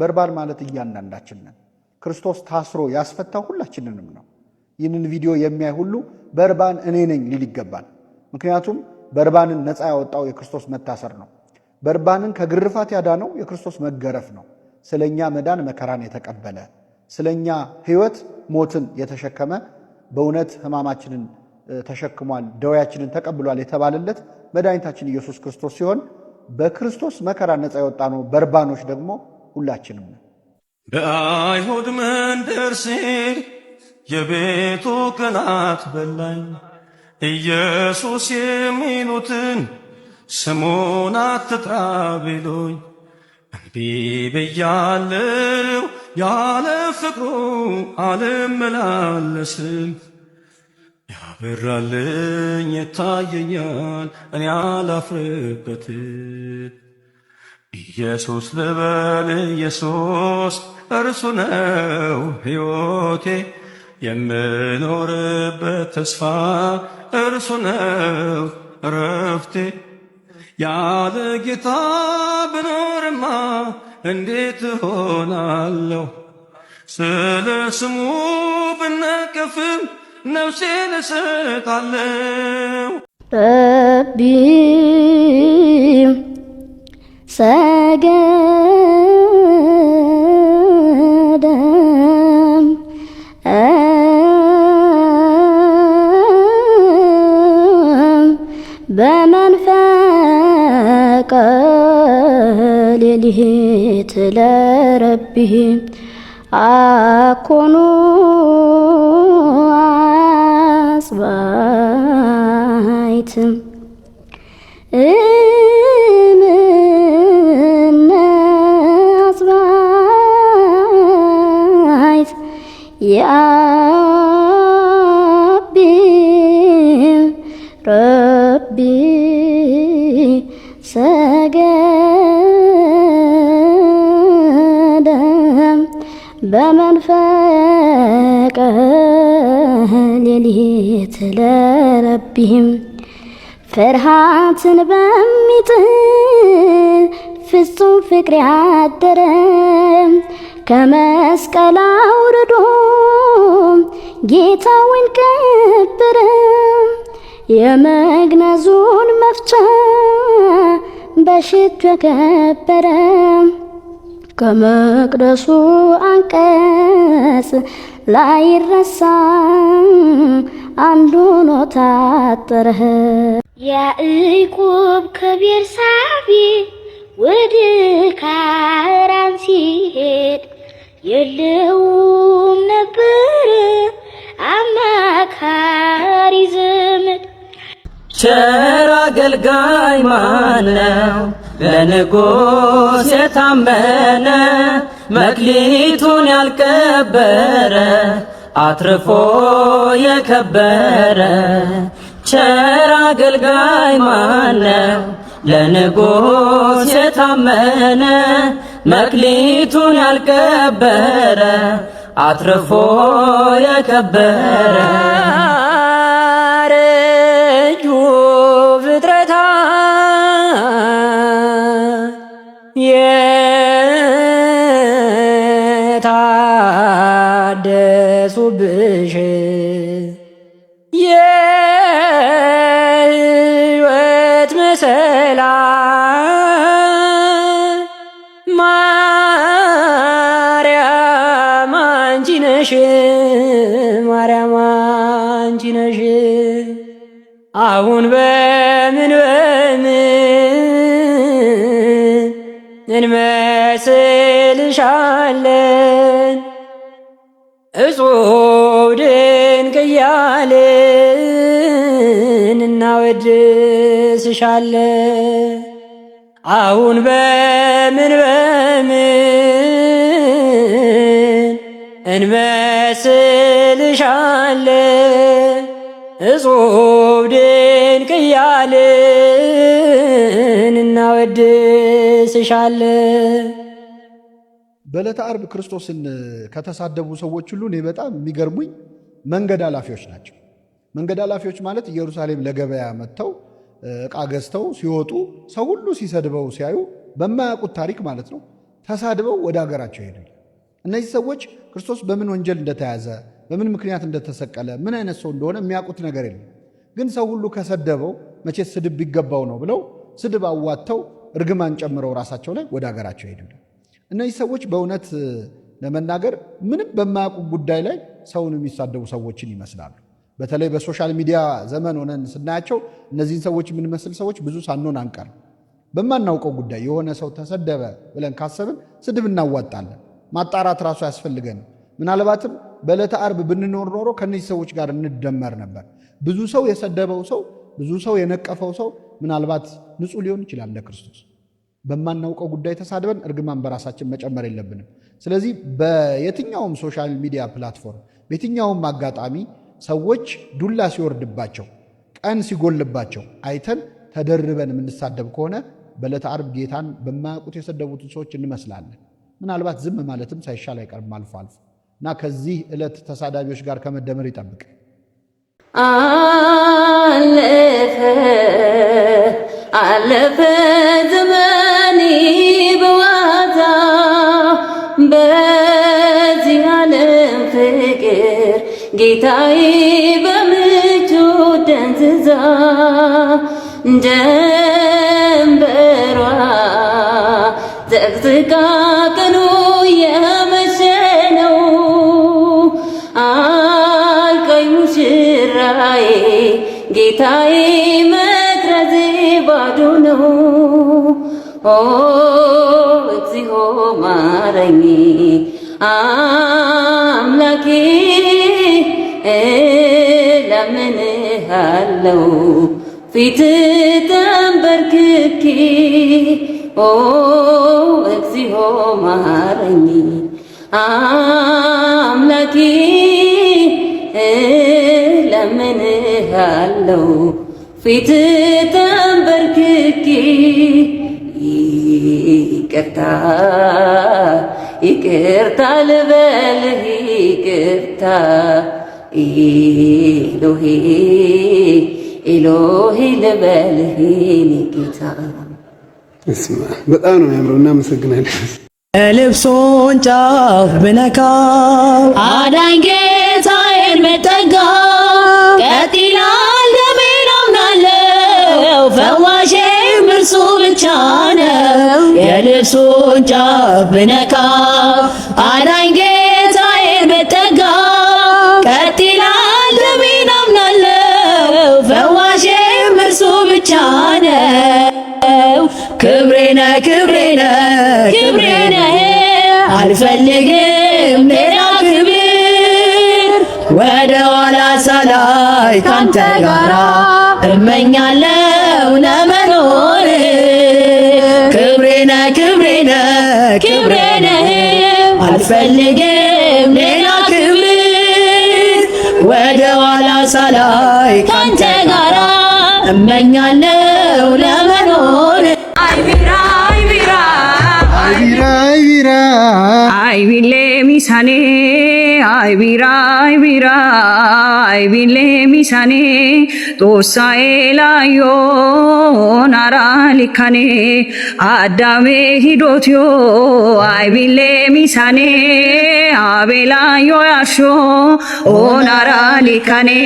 በርባን ማለት እያንዳንዳችን ነን። ክርስቶስ ታስሮ ያስፈታው ሁላችንንም ነው። ይህንን ቪዲዮ የሚያይ ሁሉ በርባን እኔ ነኝ ሊል ይገባል። ምክንያቱም በርባንን ነፃ ያወጣው የክርስቶስ መታሰር ነው። በርባንን ከግርፋት ያዳነው የክርስቶስ መገረፍ ነው። ስለኛ መዳን መከራን የተቀበለ ስለኛ ሕይወት ሞትን የተሸከመ በእውነት ሕማማችንን ተሸክሟል፣ ደዌያችንን ተቀብሏል የተባለለት መድኃኒታችን ኢየሱስ ክርስቶስ ሲሆን በክርስቶስ መከራ ነፃ የወጣ ነው። በርባኖች ደግሞ ሁላችንም ነው። በአይሁድ መንደር ሲል የቤቱ ቅናት በላኝ። ኢየሱስ የሚሉትን ስሙን አትጥራ ቢሉኝ እምቢ ብያለው። ያለ ፍቅሩ አልመላለስም። ያበራልኝ ይታየኛል፣ እኔ አላፍርበትም። ኢየሱስ ልበል ኢየሱስ እርሱ ነው ሕይወቴ የምኖርበት ተስፋ እርሱ ነው ረፍቴ ያለ ጌታ ብኖርማ እንዴት ሆናለሁ! ስለ ስሙ ብነቀፍም ነፍሴን እሰጣለሁ። ረቢ Sagadam am Bemen fekalilih tile Rabbihim Akonu asbaytım Eee يا ربي ربي سجادا بمن فاك لليت لربهم فرحات بميت في الصوم فكري عدرام ከመስቀል አውርዶ ጌታውን ቀበረ። የመግነዙን መፍቻ በሽቱ ከበረ ከመቅደሱ አንቀጽ ላይረሳ አንዱ ሆኖ ታጠረ። ያዕቆብ ከቤርሳቤ ወደ ካራን ሲሄድ የለውም ነበር አማካሪ ዘመድ። ቸር አገልጋይ ማነው ለንጉስ የታመነ መክሊቱን ያልቀበረ አትርፎ የከበረ ቸር አገልጋይ ማነው ለንጉስ የታመነ መክሊቱን ያልቀበረ አትርፎ የከበረ አረጁ ፍጥረታ የታደሱብሽ አሁን በምን በምን እንመስልሻለን እጹብ ድንቅ እያልን እናወድስሻለን። አሁን በምን በምን እንመስልሻለን እጹብ ድንቅ እያልን እናወድስሻለን። በዕለተ ዓርብ ክርስቶስን ከተሳደቡ ሰዎች ሁሉ እኔ በጣም የሚገርሙኝ መንገድ ኃላፊዎች ናቸው። መንገድ ኃላፊዎች ማለት ኢየሩሳሌም ለገበያ መጥተው ዕቃ ገዝተው ሲወጡ ሰው ሁሉ ሲሰድበው ሲያዩ በማያውቁት ታሪክ ማለት ነው ተሳድበው ወደ ሀገራቸው ይሄዳል። እነዚህ ሰዎች ክርስቶስ በምን ወንጀል እንደተያዘ በምን ምክንያት እንደተሰቀለ ምን አይነት ሰው እንደሆነ የሚያውቁት ነገር የለም። ግን ሰው ሁሉ ከሰደበው መቼ ስድብ ቢገባው ነው ብለው ስድብ አዋጥተው እርግማን ጨምረው ራሳቸው ላይ ወደ ሀገራቸው ሄዱ። እነዚህ ሰዎች በእውነት ለመናገር ምንም በማያውቁ ጉዳይ ላይ ሰውን የሚሳደቡ ሰዎችን ይመስላሉ። በተለይ በሶሻል ሚዲያ ዘመን ሆነን ስናያቸው እነዚህን ሰዎች የምንመስል ሰዎች ብዙ ሳንሆን አንቀር። በማናውቀው ጉዳይ የሆነ ሰው ተሰደበ ብለን ካሰብን ስድብ እናዋጣለን። ማጣራት ራሱ አያስፈልገንም። ምናልባትም በዕለተ ዓርብ ብንኖር ኖሮ ከነዚህ ሰዎች ጋር እንደመር ነበር። ብዙ ሰው የሰደበው ሰው፣ ብዙ ሰው የነቀፈው ሰው ምናልባት ንጹሕ ሊሆን ይችላል እንደ ክርስቶስ። በማናውቀው ጉዳይ ተሳድበን እርግማን በራሳችን መጨመር የለብንም። ስለዚህ በየትኛውም ሶሻል ሚዲያ ፕላትፎርም፣ በየትኛውም አጋጣሚ ሰዎች ዱላ ሲወርድባቸው፣ ቀን ሲጎልባቸው አይተን ተደርበን የምንሳደብ ከሆነ በዕለተ ዓርብ ጌታን በማያውቁት የሰደቡትን ሰዎች እንመስላለን። ምናልባት ዝም ማለትም ሳይሻል አይቀርም አልፎ አልፎ እና ከዚህ ዕለት ተሳዳቢዎች ጋር ከመደመር ይጠብቅ። አለፈ አለፈ ዘመኔ በዋዛ በዚህ ዓለም ፍቅር ጌታዬ በምቹ ደንዝዛ ጌታዬ መቅረዜ ባዶ ነው። ኦ እግዚኦ ማረኝ አምላኬ እለምንሃለው ፊት ተንበርክኬ ኦ እግዚኦ ማረኝ አምላኬ ለምንሃለው ፊት ተንበርክኬ ይቅርታ ይቅርታ ልበልህ ይቅርታ ኢሎሄ ኢሎሄ ልበልህ ጌታ። በጣም ነው የሚያምረው። እናመሰግናለን። ልብሶን ጫፍ ብነካው አዳኝ ጌታዬን መጠጋ ፈዋሼ እርሱ ብቻ ነው። የልብሱን ጫፍ ብነካ አዳኝ ጌታዬን ብጠጋ ቀጥ ይላል ልቤን አምናለው። ፈዋሼ እርሱ ብቻ ነው። ክብሬ ነህ ክብሬ ነህ ክብሬ ነህ አልፈልግም ሌላ ክብር ወደ ኋላ ሳላይ ካንተ ጋራ እመኛለሁ ክብሬ ነህ ክብሬ ነህ አልፈልግም ሌላ ክብር ወደ ኋላ ሳላይ ካንተ ጋራ እመኛለሁ virai virai vile misane xoossa elayyo nara likkane addame hidotyo ay vile misane abelayyo yarsho o nara likkane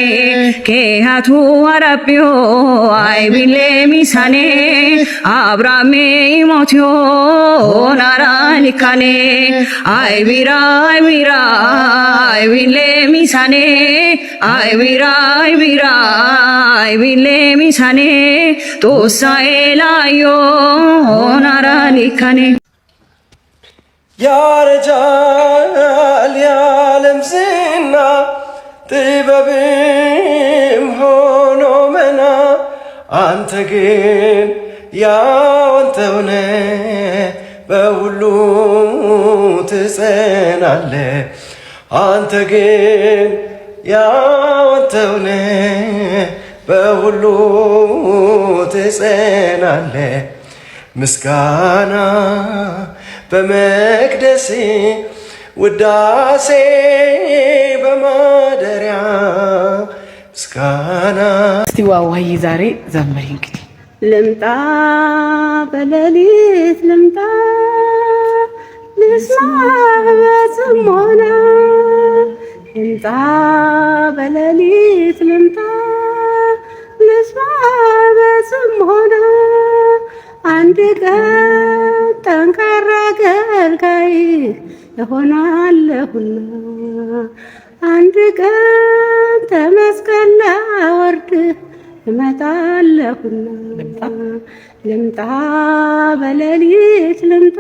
keehatu harapyo ay vile misane አብራሜ ሞትዮን አራኒካኔ አይቢራ አይቢራ አይቢሌ ሚሳኔ አይቢራ አይቢራ አይቢሌ ሚሳኔ ጦሳኤ ላዮን አራኒካኔ ያረጃል ያለም ዝና ጥበብም ሆኖ መና አንተ ግን ያንተውነ በሁሉ ትጸናለ አንተ ግን ያንተውነ በሁሉ ትጸናለ ምስጋና በመቅደስ ውዳሴ በማደሪያ ምስጋና። እስቲ ዋዋይ ዛሬ ዘምሪ እንግዲህ ልምጣ በሌሊት ልምጣ ልስማ በጽሞና ልምጣ በሌሊት ልምጣ ልስማ በጽሞና አንድ ቀን ጠንካራ አገልጋይ እሆናለሁና አንድ ቀን ተመስቀል ላወርድ እመጣለሁና ልምጣ በሌሊት ልምጣ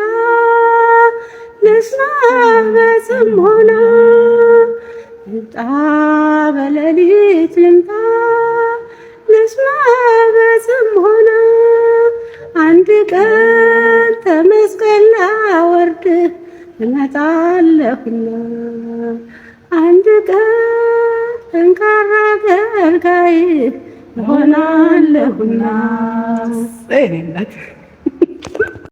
ልስማ በጽሞና ልምጣ በሌሊት ልምጣ ልስማ በጽሞና አንድ ቀን ተመስቀልና ወርድ እመጣለሁና አንድ ቀን ጠንካራ አገልጋይ ሆናለሁና እኔነት